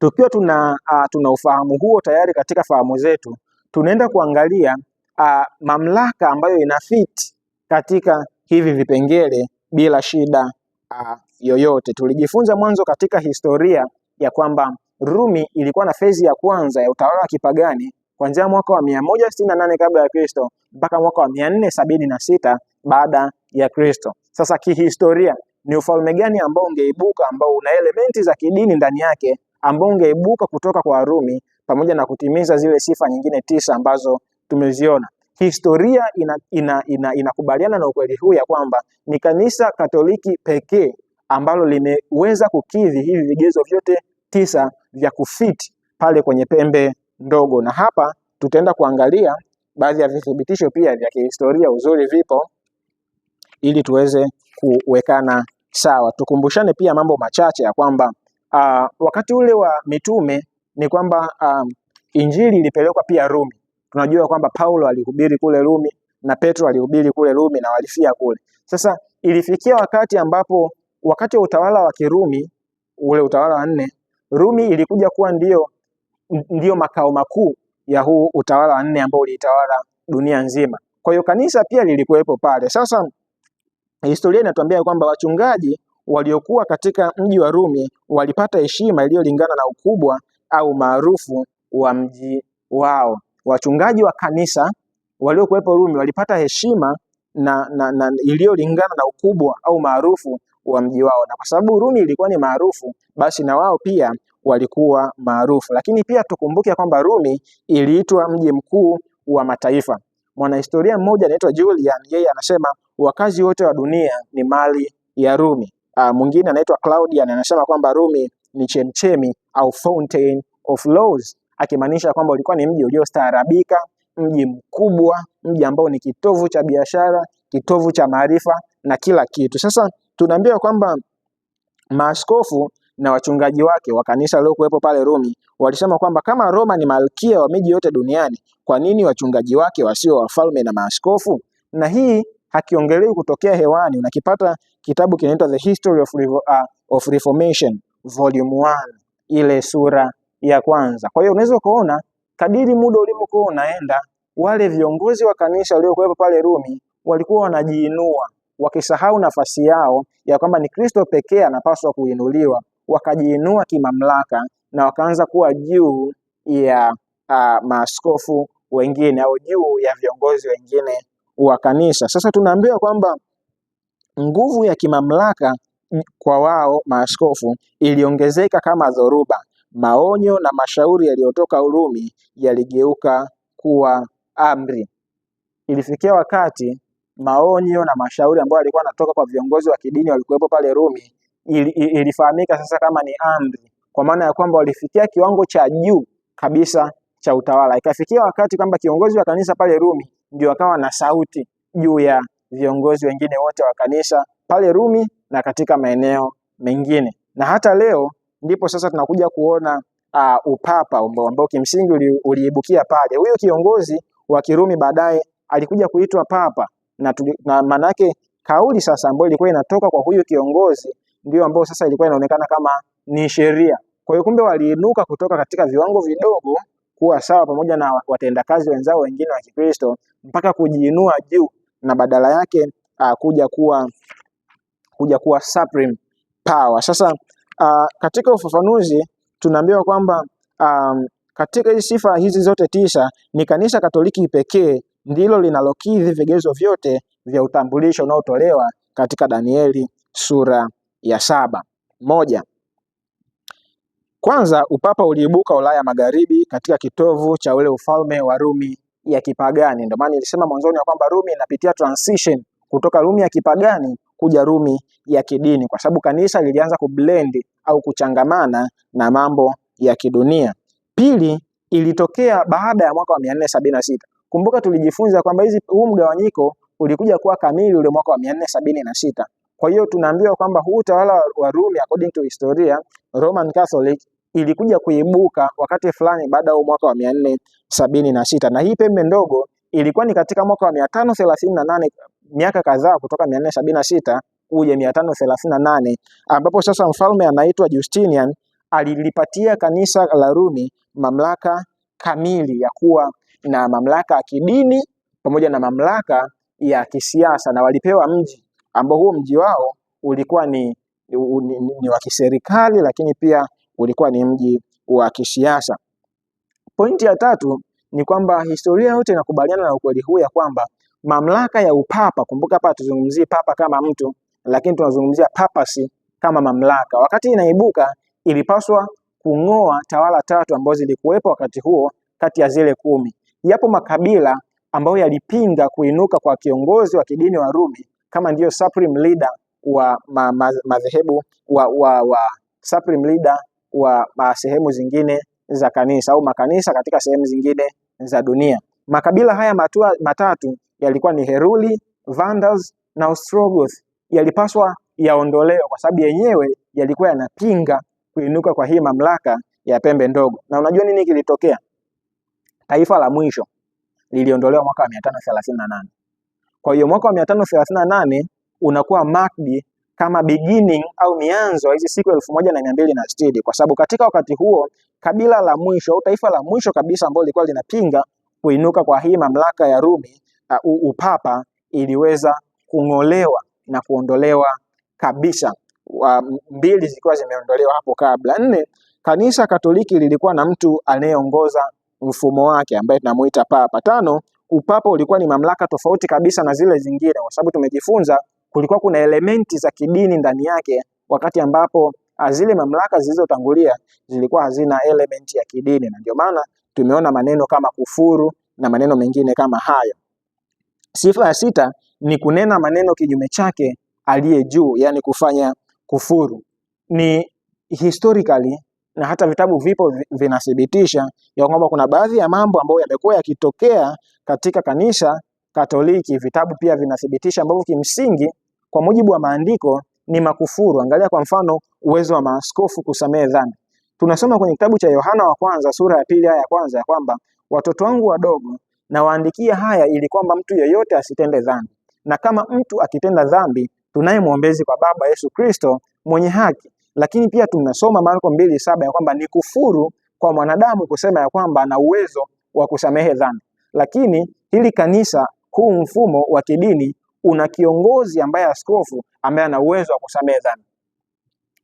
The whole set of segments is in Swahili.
Tukiwa tuna, uh, tuna ufahamu huo tayari katika fahamu zetu, tunaenda kuangalia uh, mamlaka ambayo inafiti katika hivi vipengele bila shida uh, yoyote. Tulijifunza mwanzo katika historia ya kwamba Rumi ilikuwa na fezi ya kwanza ya utawala wa kipagani kuanzia mwaka wa 168 kabla ya Kristo mpaka mwaka wa 476 baada ya Kristo. Sasa kihistoria, ni ufalme gani ambao ungeibuka ambao una elementi za kidini ndani yake ambao ungeibuka kutoka kwa Warumi pamoja na kutimiza zile sifa nyingine tisa ambazo tumeziona. Historia inakubaliana ina, ina, ina na ukweli huu ya kwamba ni kanisa Katoliki pekee ambalo limeweza kukidhi hivi vigezo vyote tisa vya kufiti pale kwenye pembe ndogo, na hapa tutaenda kuangalia baadhi ya vithibitisho pia vya kihistoria, uzuri vipo, ili tuweze kuwekana sawa. Tukumbushane pia mambo machache ya kwamba uh, wakati ule wa mitume ni kwamba um, injili ilipelekwa pia Rumi. Tunajua kwamba Paulo alihubiri kule Rumi na Petro alihubiri kule Rumi na walifia kule. Sasa ilifikia wakati ambapo wakati wa utawala wa Kirumi ule utawala wa nne, Rumi ilikuja kuwa ndio ndio makao makuu ya huu utawala wa nne ambao ulitawala dunia nzima. Kwa hiyo kanisa pia lilikuwepo pale. Sasa historia inatuambia kwamba wachungaji waliokuwa katika mji wa Rumi walipata heshima iliyolingana na ukubwa au maarufu wa mji wao. Wachungaji wa kanisa waliokuwepo Rumi walipata heshima na, na, na iliyolingana na ukubwa au maarufu wa mji wao, na kwa sababu Rumi ilikuwa ni maarufu, basi na wao pia walikuwa maarufu. Lakini pia tukumbuke kwamba Rumi iliitwa mji mkuu wa mataifa. Mwanahistoria mmoja anaitwa Julian, yeye anasema wakazi wote wa dunia ni mali ya Rumi uh, mwingine anaitwa Claudian anasema kwamba Rumi ni chemchemi au fountain of laws, akimaanisha kwamba ulikuwa ni mji uliostaarabika, mji mkubwa, mji ambao ni kitovu cha biashara, kitovu cha maarifa na kila kitu. Sasa tunaambiwa kwamba maaskofu na wachungaji wake wa kanisa waliokuwepo pale Rumi walisema kwamba kama Roma ni malkia wa miji yote duniani, kwa nini wachungaji wake wasio wafalme na maaskofu? Na hii hakiongelei kutokea hewani, unakipata Kitabu kinaitwa The History of, uh, of Reformation Volume 1 ile sura ya kwanza. Kwa hiyo unaweza ukaona kadiri muda ulivyokuwa unaenda, wale viongozi wa kanisa waliokuwepo pale Rumi walikuwa wanajiinua wakisahau nafasi yao ya kwamba ni Kristo pekee anapaswa kuinuliwa, wakajiinua kimamlaka na wakaanza kuwa juu ya uh, maaskofu wengine au juu ya viongozi wengine wa kanisa. Sasa tunaambiwa kwamba Nguvu ya kimamlaka kwa wao maaskofu iliongezeka kama dhoruba. Maonyo na mashauri yaliyotoka Urumi yaligeuka kuwa amri. Ilifikia wakati maonyo na mashauri ambayo yalikuwa yanatoka kwa viongozi wa kidini walikuwepo pale Rumi ilifahamika sasa kama ni amri, kwa maana ya kwamba walifikia kiwango cha juu kabisa cha utawala. Ikafikia wakati kwamba kiongozi wa kanisa pale Rumi ndio akawa na sauti juu ya viongozi wengine wote wa kanisa pale Rumi na katika maeneo mengine. Na hata leo ndipo sasa tunakuja kuona uh, upapa ambao kimsingi uli, uliibukia pale. Huyu kiongozi wa Kirumi baadaye alikuja kuitwa papa na, na manake kauli sasa ambayo ilikuwa inatoka kwa huyu kiongozi ndio ambao sasa ilikuwa inaonekana kama ni sheria. Kwa hiyo kumbe waliinuka kutoka katika viwango vidogo kuwa sawa pamoja na watendakazi wenzao wengine wa Kikristo mpaka kujiinua juu na badala yake uh, kuja kuwa kuja kuwa supreme power. Sasa uh, katika ufafanuzi tunaambiwa kwamba um, katika hizi sifa hizi zote tisa ni Kanisa Katoliki pekee ndilo linalokidhi vigezo vyote vya utambulisho unaotolewa katika Danieli sura ya saba. Moja, kwanza upapa uliibuka Ulaya Magharibi katika kitovu cha ule ufalme wa Rumi ya kipagani. Ndio maana nilisema mwanzoni ya kwamba Rumi inapitia transition kutoka Rumi ya kipagani kuja Rumi ya kidini, kwa sababu kanisa lilianza kublend au kuchangamana na mambo ya kidunia. Pili, ilitokea baada ya mwaka wa sita. Kumbuka tulijifunza kwamba hizi huu mgawanyiko ulikuja kuwa kamili ule mwaka wa sita. Kwa hiyo tunaambiwa kwamba huu utawala wa Rumi according to historia Roman Catholic ilikuja kuibuka wakati fulani baada ya mwaka wa mia nne sabini na sita na hii pembe ndogo ilikuwa ni katika mwaka wa mia tano thelathini na nane miaka kadhaa kutoka mia nne sabini na sita kuja mia tano thelathini na nane ambapo sasa mfalme anaitwa Justinian alilipatia kanisa la Rumi mamlaka kamili ya kuwa na mamlaka ya kidini pamoja na mamlaka ya kisiasa, na walipewa mji ambao huo mji wao ulikuwa ni, ni, ni, ni wa kiserikali, lakini pia ulikuwa ni mji wa kisiasa. Pointi ya tatu ni kwamba historia yote inakubaliana na ukweli huu ya kwamba mamlaka ya upapa, kumbuka hapa tuzungumzie papa kama mtu, lakini tunazungumzia papasi kama mamlaka, wakati inaibuka ilipaswa kung'oa tawala tatu ambazo zilikuwepo wakati huo kati ya zile kumi. Yapo makabila ambayo yalipinga kuinuka kwa kiongozi wa kidini wa Rumi kama ndiyo supreme leader wa madhehebu ma, ma, wa, wa, wa, supreme leader wa sehemu zingine za kanisa au makanisa katika sehemu zingine za dunia. Makabila haya matua, matatu yalikuwa ni Heruli, Vandals na Ostrogoth yalipaswa yaondolewa kwa sababu yenyewe yalikuwa yanapinga kuinuka kwa hii mamlaka ya pembe ndogo. Na unajua nini kilitokea? Taifa la mwisho liliondolewa mwaka wa 538. Kwa hiyo mwaka wa 538 unakuwa marked kama beginning au mianzo hizi siku elfu moja na mia mbili na sitini kwa sababu katika wakati huo kabila la mwisho au taifa la mwisho kabisa ambalo lilikuwa linapinga kuinuka kwa hii mamlaka ya Rumi uh, upapa iliweza kung'olewa na kuondolewa kabisa. mbili zilikuwa zimeondolewa hapo kabla. Nne, kanisa Katoliki lilikuwa na mtu anayeongoza mfumo wake ambaye tunamuita papa. Tano, upapa ulikuwa ni mamlaka tofauti kabisa na zile zingine, kwa sababu tumejifunza kulikuwa kuna elementi za kidini ndani yake, wakati ambapo ah, zile mamlaka zilizotangulia zilikuwa hazina elementi ya kidini, na ndio maana tumeona maneno kama kufuru na maneno mengine kama hayo. Sifa ya sita ni kunena maneno kinyume chake aliye juu, yani kufanya kufuru. Ni historically na hata vitabu vipo vinathibitisha ya kwamba kuna baadhi ya mambo ambayo yamekuwa yakitokea katika kanisa Katoliki, vitabu pia vinathibitisha ambavyo kimsingi kwa mujibu wa maandiko ni makufuru. Angalia kwa mfano uwezo wa maaskofu kusamehe dhambi. Tunasoma kwenye kitabu cha Yohana wa kwanza sura ya pili aya ya kwanza ya kwamba watoto wangu wadogo nawaandikia haya ili kwamba mtu yeyote asitende dhambi, na kama mtu akitenda dhambi tunaye mwombezi kwa Baba, Yesu Kristo mwenye haki. Lakini pia tunasoma Marko mbili saba ya kwamba ni kufuru kwa mwanadamu kusema ya kwamba ana uwezo wa kusamehe dhambi, lakini hili kanisa huu mfumo wa kidini una kiongozi ambaye askofu ambaye ana uwezo wa kusamehe dhambi.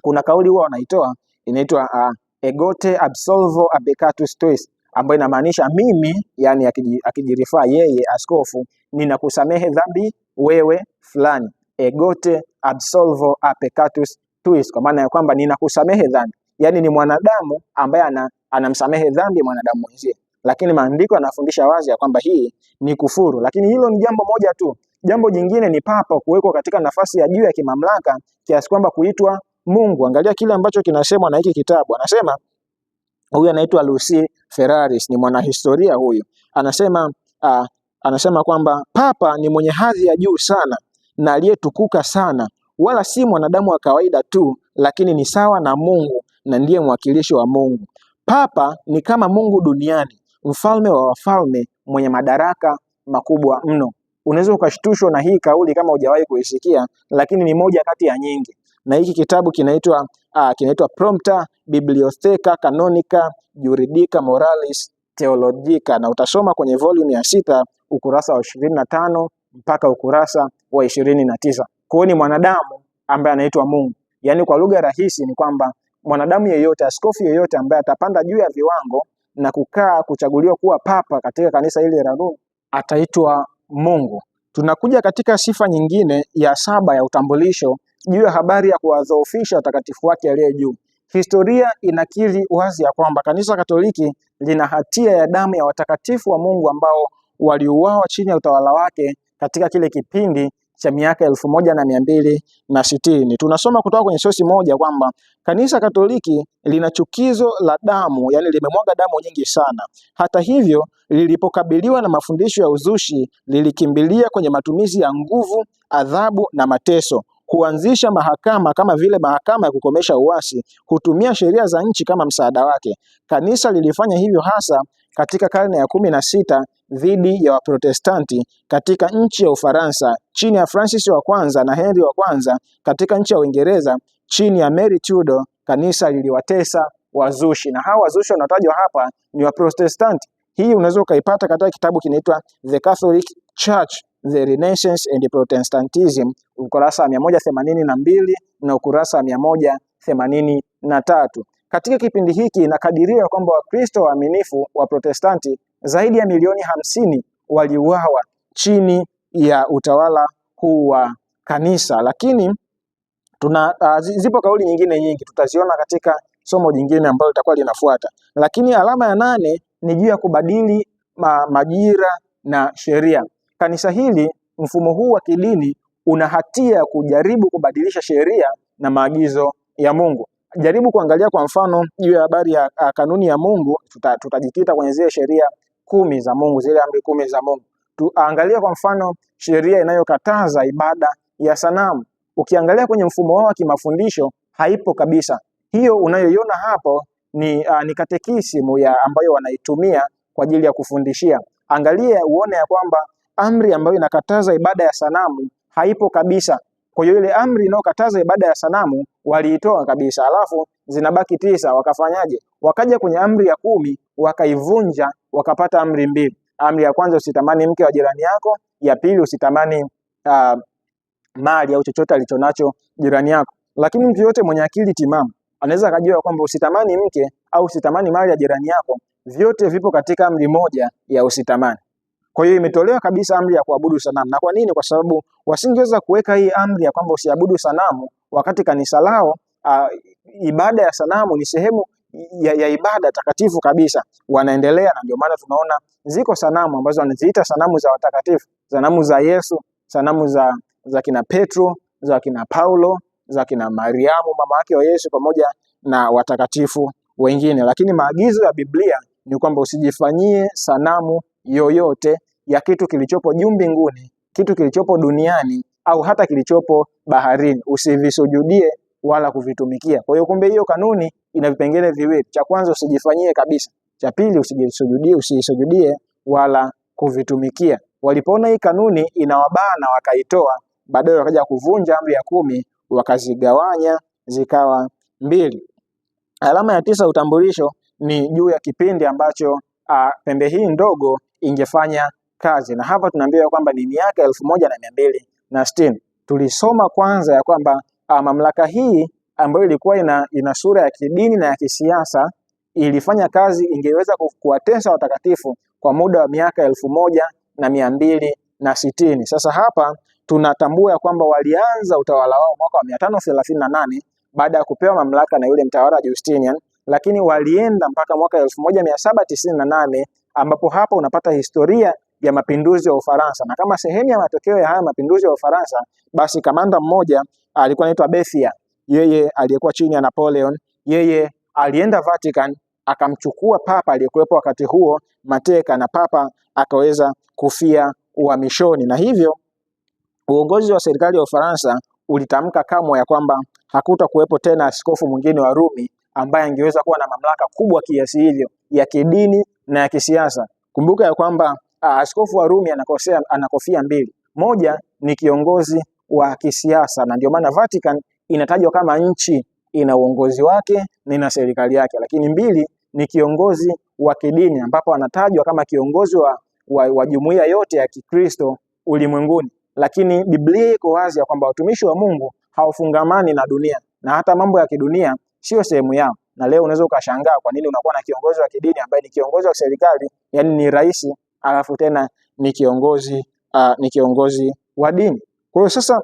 Kuna kauli huwa wanaitoa inaitwa uh, egote absolvo abecatus tuis, ambayo inamaanisha mimi, yani akijirifaa yeye askofu, ninakusamehe dhambi wewe fulani, egote absolvo apecatus tuis, kwa maana ya kwamba ninakusamehe dhambi, yani ni mwanadamu ambaye anamsamehe ana dhambi mwanadamu mwenzie lakini maandiko yanafundisha wazi ya kwamba hii ni kufuru. Lakini hilo ni jambo moja tu. Jambo jingine ni papa kuwekwa katika nafasi ya juu ya kimamlaka kiasi kwamba kuitwa Mungu. Angalia kile ambacho kinasemwa na hiki kitabu, anasema huyu anaitwa Lucy Ferraris, ni mwanahistoria huyu, anasema uh, anasema kwamba papa ni mwenye hadhi ya juu sana na aliyetukuka sana, wala si mwanadamu wa kawaida tu, lakini ni sawa na Mungu na ndiye mwakilishi wa Mungu. Papa ni kama Mungu duniani mfalme wa wafalme mwenye madaraka makubwa mno. Unaweza ukashtushwa na hii kauli kama hujawahi kuisikia, lakini ni moja kati ya nyingi, na hiki kitabu kinaitwa uh, kinaitwa Prompta Bibliotheca Canonica Juridica Moralis Theologica, na utasoma kwenye volume ya sita ukurasa wa ishirini na tano mpaka ukurasa wa ishirini na tisa. Kwa hiyo ni mwanadamu ambaye anaitwa Mungu, yaani kwa lugha rahisi ni kwamba mwanadamu yeyote, askofu yeyote ambaye atapanda juu ya viwango na kukaa kuchaguliwa kuwa papa katika kanisa hili la Roma ataitwa Mungu. Tunakuja katika sifa nyingine ya saba ya utambulisho juu ya habari ya kuwadhoofisha watakatifu wake aliye juu. Historia inakiri wazi ya kwamba kanisa Katoliki lina hatia ya damu ya watakatifu wa Mungu ambao waliuawa chini ya utawala wake katika kile kipindi cha miaka elfu moja na mia mbili na sitini. Tunasoma kutoka kwenye sosi moja kwamba kanisa Katoliki lina chukizo la damu, yani limemwaga damu nyingi sana. Hata hivyo, lilipokabiliwa na mafundisho ya uzushi, lilikimbilia kwenye matumizi ya nguvu, adhabu na mateso kuanzisha mahakama kama vile mahakama ya kukomesha uasi, hutumia sheria za nchi kama msaada wake. Kanisa lilifanya hivyo hasa katika karne ya kumi na sita dhidi ya Waprotestanti katika nchi ya Ufaransa chini ya Francis wa kwanza na Henry wa kwanza katika nchi ya Uingereza chini ya Mary Tudor, kanisa liliwatesa wazushi, na hawa wazushi wanaotajwa hapa ni Waprotestanti. Hii unaweza ukaipata katika kitabu kinaitwa The Catholic Church The Renaissance and Protestantism, ukurasa wa mia moja themanini na mbili na ukurasa wa mia moja themanini na tatu. Katika kipindi hiki inakadiriwa kwamba Wakristo waaminifu wa Protestanti zaidi ya milioni hamsini waliuawa chini ya utawala huu wa kanisa. Lakini tuna uh, zipo kauli nyingine nyingi, tutaziona katika somo jingine ambalo litakuwa linafuata. Lakini alama ya nane ni juu ya kubadili ma, majira na sheria. Kanisa hili, mfumo huu wa kidini una hatia ya kujaribu kubadilisha sheria na maagizo ya Mungu. Jaribu kuangalia kwa mfano juu ya habari ya ah, kanuni ya Mungu, tutajikita tuta kwenye zile sheria kumi za Mungu, zile amri kumi za Mungu. Tuangalie kwa mfano sheria inayokataza ibada ya sanamu. Ukiangalia kwenye mfumo wao wa kimafundisho haipo kabisa. Hiyo unayoiona hapo ni, uh, ni katekisimu ya ambayo wanaitumia kwa ajili ya kufundishia. Angalia uone ya kwamba amri ambayo inakataza ibada ya sanamu haipo kabisa. Kwa hiyo ile amri inayokataza ibada ya sanamu waliitoa kabisa, alafu zinabaki tisa. Wakafanyaje? Wakaja kwenye amri ya kumi wakaivunja wakapata amri mbili. Amri ya kwanza, usitamani mke wa jirani yako. Ya pili, usitamani uh, mali au chochote alichonacho jirani yako. Lakini mtu yote mwenye akili timamu anaweza akajua kwamba usitamani mke au usitamani mali ya jirani yako, vyote vipo katika amri moja ya usitamani. Kwa hiyo imetolewa kabisa amri ya kuabudu sanamu. Na kwa nini? Kwa sababu wasingeweza kuweka hii amri ya kwamba usiabudu sanamu wakati kanisa lao, uh, ibada ya sanamu ni sehemu ya, ya ibada takatifu kabisa wanaendelea, na ndio maana tunaona ziko sanamu ambazo wanaziita sanamu za watakatifu, sanamu za Yesu, sanamu za, za kina Petro, za kina Paulo, za kina Mariamu mama yake wa Yesu, pamoja na watakatifu wengine. Lakini maagizo ya Biblia ni kwamba usijifanyie sanamu yoyote ya kitu kilichopo juu mbinguni, kitu kilichopo duniani, au hata kilichopo baharini, usivisujudie wala kuvitumikia. Kwa hiyo kumbe hiyo kanuni ina vipengele viwili, cha kwanza usijifanyie kabisa, cha pili usijisujudie, usijisujudie wala kuvitumikia. Walipoona hii kanuni inawabana wakaitoa, baadaye wakaja kuvunja amri ya kumi wakazigawanya zikawa mbili. Alama ya tisa utambulisho ni juu ya kipindi ambacho a, pembe hii ndogo ingefanya kazi, na hapa tunaambiwa kwamba ni miaka elfu moja na mia mbili na sitini. Tulisoma kwanza ya kwamba a, ah, mamlaka hii ambayo ilikuwa ina, ina sura ya kidini na ya kisiasa ilifanya kazi, ingeweza kuwatesa watakatifu kwa muda wa miaka elfu moja na mia mbili na sitini. Sasa hapa tunatambua ya kwamba walianza utawala wao mwaka wa mia tano thelathini na nane baada ya kupewa mamlaka na yule mtawala Justinian, lakini walienda mpaka mwaka elfu moja mia saba tisini na nane ambapo hapa unapata historia ya mapinduzi ya Ufaransa, na kama sehemu ya matokeo ya haya mapinduzi ya Ufaransa, basi kamanda mmoja alikuwa anaitwa Bethia, yeye aliyekuwa chini ya Napoleon, yeye alienda Vatican akamchukua papa aliyekuwepo wakati huo mateka, na papa akaweza kufia uhamishoni, na hivyo uongozi wa serikali ya Ufaransa ulitamka kamwe ya kwamba hakuta kuwepo tena askofu mwingine wa Rumi ambaye angeweza kuwa na mamlaka kubwa kiasi hivyo ya kidini na ya kisiasa. Kumbuka ya kwamba ah, askofu wa Rumi anakosea, anakofia mbili: moja ni kiongozi wa kisiasa, na ndio maana Vatican inatajwa kama nchi ina uongozi wake na ina serikali yake. Lakini mbili ni kiongozi wa kidini, ambapo anatajwa kama kiongozi wa, wa, wa jumuiya yote ya Kikristo ulimwenguni. Lakini Biblia iko wazi ya kwamba watumishi wa Mungu hawafungamani na dunia na hata mambo ya kidunia sio sehemu yao. Na leo unaweza ukashangaa kwa nini unakuwa na kiongozi wa kidini ambaye ni kiongozi wa serikali, yani ni rais, alafu tena ni kiongozi uh, ni kiongozi wa dini. Kwa hiyo sasa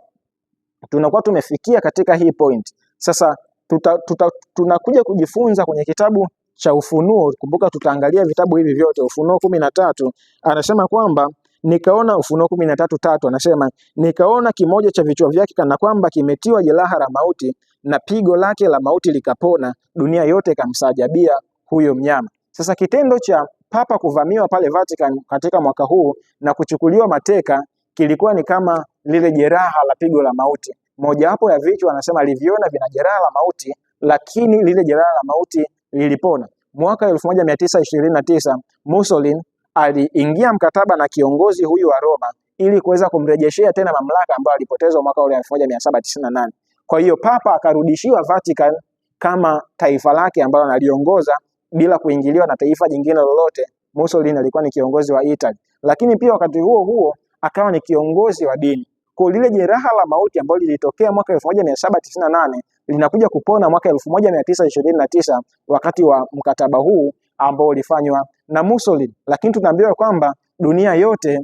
tunakuwa tumefikia katika hii point. Sasa tuta, tuta, tunakuja kujifunza kwenye kitabu cha Ufunuo. Kumbuka tutaangalia vitabu hivi vyote. Ufunuo kumi na tatu anasema kwamba nikaona, Ufunuo kumi na tatu tatu anasema nikaona kimoja cha vichwa vyake kana kwamba kimetiwa jeraha la mauti, na pigo lake la mauti likapona, dunia yote ikamsajabia huyo mnyama. Sasa kitendo cha papa kuvamiwa pale Vatican katika mwaka huu na kuchukuliwa mateka kilikuwa ni kama lile jeraha la pigo la mauti. Mojawapo ya vichwa anasema aliviona vina jeraha la mauti, lakini lile jeraha la mauti lilipona. Mwaka 1929 Mussolini aliingia mkataba na kiongozi huyu wa Roma ili kuweza kumrejeshea tena mamlaka ambayo alipotezwa mwaka ule 1798. Kwa hiyo papa akarudishiwa Vatican kama taifa lake ambalo analiongoza bila kuingiliwa na taifa jingine lolote. Mussolini alikuwa ni kiongozi wa Italy, lakini pia wakati huo huo akawa ni kiongozi wa dini. Kwa lile jeraha la mauti ambalo lilitokea mwaka 1798 linakuja kupona mwaka 1929 wakati wa mkataba huu ambao ulifanywa na Mussolini, lakini tunaambiwa kwamba dunia yote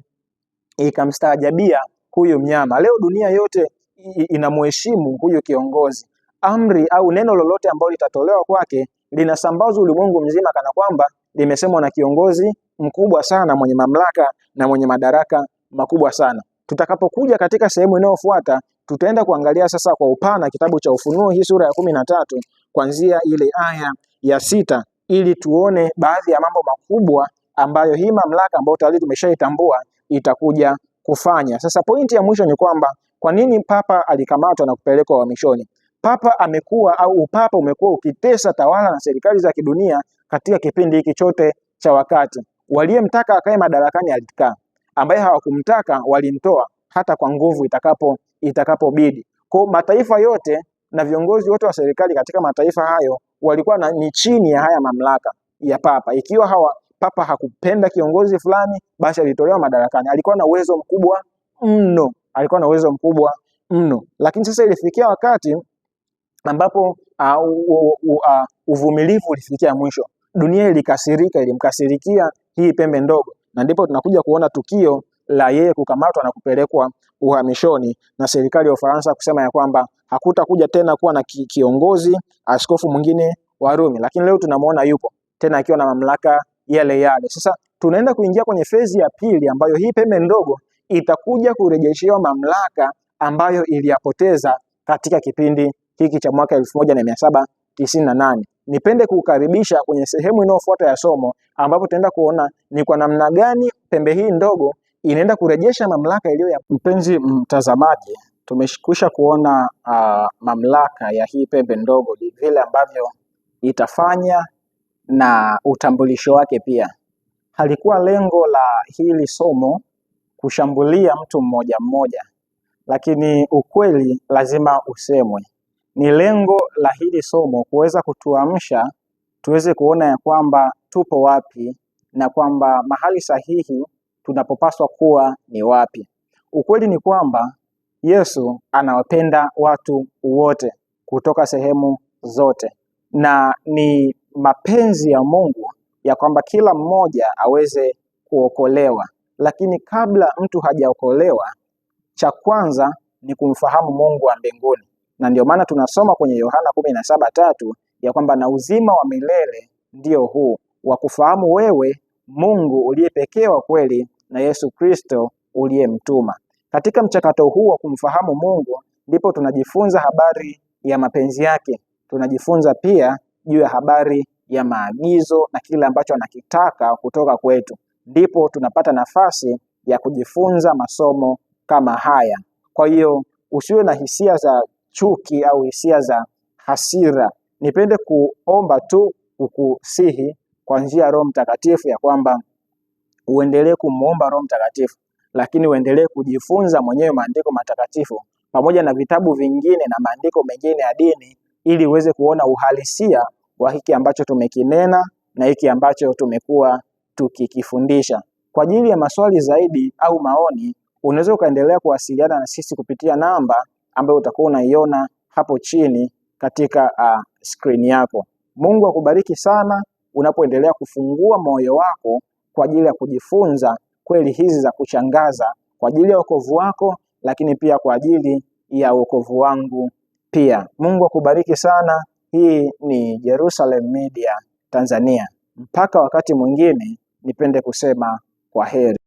ikamstaajabia huyu mnyama. Leo dunia yote inamheshimu huyu kiongozi. Amri au neno lolote ambalo litatolewa kwake linasambazwa ulimwengu mzima, kana kwamba limesemwa na kiongozi mkubwa sana mwenye mamlaka na mwenye madaraka makubwa sana. Tutakapokuja katika sehemu inayofuata tutaenda kuangalia sasa kwa upana kitabu cha Ufunuo, hii sura ya kumi na tatu kuanzia ile aya ya sita ili tuone baadhi ya mambo makubwa ambayo hii mamlaka ambayo tayari tumeshaitambua itakuja kufanya. Sasa pointi ya mwisho ni kwamba kwa nini papa alikamatwa na kupelekwa uhamishoni? Papa amekuwa au upapa umekuwa ukitesa tawala na serikali za kidunia katika kipindi hiki chote cha wakati. Waliyemtaka akae madarakani alikaa, ambaye hawakumtaka walimtoa hata kwa nguvu itakapo itakapobidi. Kwa mataifa yote na viongozi wote wa serikali katika mataifa hayo walikuwa na, ni chini ya haya mamlaka ya papa. Ikiwa hawa papa hakupenda kiongozi fulani, basi alitolewa madarakani. Alikuwa na uwezo mkubwa mno, alikuwa na uwezo mkubwa mno, lakini sasa ilifikia wakati ambapo uvumilivu ulifikia mwisho. Dunia ilikasirika, ilimkasirikia hii pembe ndogo, na ndipo tunakuja kuona tukio la yeye kukamatwa na kupelekwa uhamishoni na serikali ya Ufaransa kusema ya kwamba hakutakuja tena kuwa na kiongozi askofu mwingine wa Rumi, lakini leo tunamuona yupo tena akiwa na mamlaka yale yale. Sasa tunaenda kuingia kwenye fezi ya pili ambayo hii pembe ndogo itakuja kurejeshewa mamlaka ambayo iliyapoteza katika kipindi hiki cha mwaka elfu moja na mia saba tisini na nane nipende kukaribisha kwenye sehemu inayofuata ya somo ambapo tutaenda kuona ni kwa namna gani pembe hii ndogo inaenda kurejesha mamlaka iliyo ya mpenzi mtazamaji. Tumekwisha kuona uh, mamlaka ya hii pembe ndogo, vile ambavyo itafanya na utambulisho wake pia. Halikuwa lengo la hili somo kushambulia mtu mmoja mmoja, lakini ukweli lazima usemwe. Ni lengo la hili somo kuweza kutuamsha tuweze kuona ya kwamba tupo wapi na kwamba mahali sahihi tunapopaswa kuwa ni wapi. Ukweli ni kwamba Yesu anawapenda watu wote kutoka sehemu zote, na ni mapenzi ya Mungu ya kwamba kila mmoja aweze kuokolewa. Lakini kabla mtu hajaokolewa, cha kwanza ni kumfahamu Mungu wa mbinguni na ndio maana tunasoma kwenye Yohana kumi na saba tatu ya kwamba na uzima wa milele ndio huu wa kufahamu wewe Mungu uliye pekee wa kweli na Yesu Kristo uliyemtuma. Katika mchakato huu wa kumfahamu Mungu ndipo tunajifunza habari ya mapenzi yake, tunajifunza pia juu ya habari ya maagizo na kile ambacho anakitaka kutoka kwetu, ndipo tunapata nafasi ya kujifunza masomo kama haya. Kwa hiyo usiwe na hisia za chuki au hisia za hasira, nipende kuomba tu kukusihi kwa njia ya Roho Mtakatifu ya kwamba uendelee kumuomba Roho Mtakatifu, lakini uendelee kujifunza mwenyewe maandiko matakatifu pamoja na vitabu vingine na maandiko mengine ya dini, ili uweze kuona uhalisia wa hiki ambacho tumekinena na hiki ambacho tumekuwa tukikifundisha. Kwa ajili ya maswali zaidi au maoni, unaweza ukaendelea kuwasiliana na sisi kupitia namba ambayo utakuwa unaiona hapo chini katika uh, ah, skrini yako. Mungu akubariki sana unapoendelea kufungua moyo wako kwa ajili ya kujifunza kweli hizi za kushangaza kwa ajili ya wokovu wako, lakini pia kwa ajili ya wokovu wangu pia. Mungu akubariki sana. Hii ni Jerusalem Media Tanzania. Mpaka wakati mwingine, nipende kusema kwa heri.